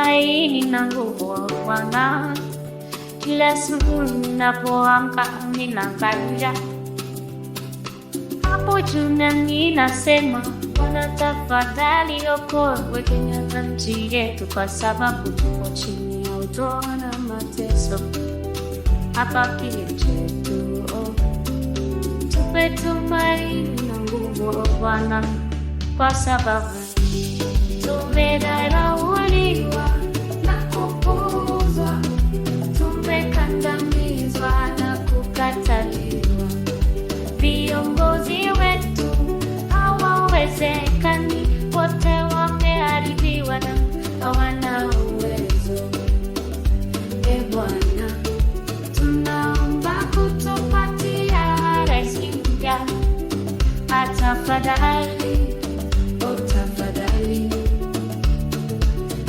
matumaini na nguvu Bwana. Kila siku ninapoamka ninakuja hapo juna, ninasema Bwana, tafadhali okoa, weke nyota nchi yetu, kwa sababu tuko chini ya utoa na mateso hapa kile oh. Tupe tumaini na nguvu oh Bwana, kwa sababu tumedharauliwa hawapatikani, wote wamearidhiwa na hawana uwezo. E Bwana, tunaomba kutupatia rais mpya, atafadhali, utafadhali,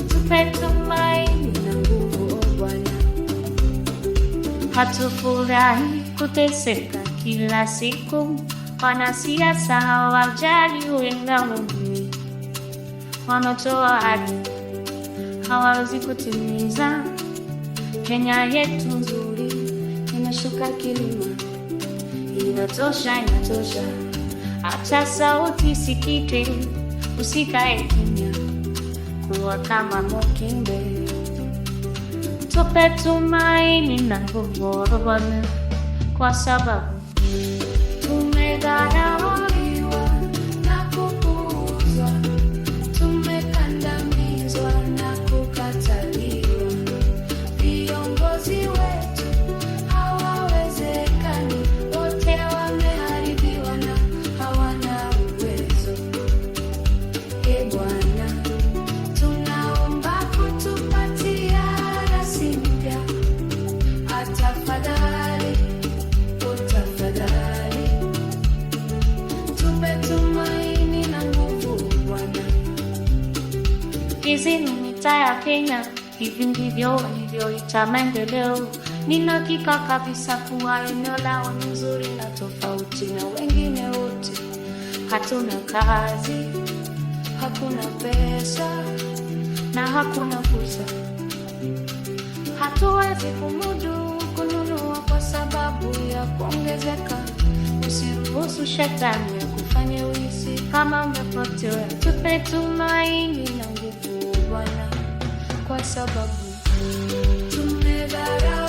tupe tumaini na nguvu. O Bwana, hatufurahi kuteseka kila siku Wanasiasa hawajali ulinga mugini, wanaotoa haki hawawezi kutimiza. Kenya yetu nzuri imeshuka kilima, inatosha, inatosha. acha sauti sikike, usikae kimya, kuwa kama mokimbe. Tupe tumaini na nguvu, kwa sababu got out on the Kizimu mitaa ya Kenya, hivi ndivyo walivyoita maendeleo. Nina hakika kabisa kuwa eneo lao ni nzuri na tofauti na wengine wote. Hatuna kazi, hakuna pesa na hakuna fursa, hatuwezi kumudu kununua kwa sababu ya kuongezeka. Usiruhusu shetani ya kufanya uisi kama umepotea, tupe tumaini na Bwana kwa sababu tumedharau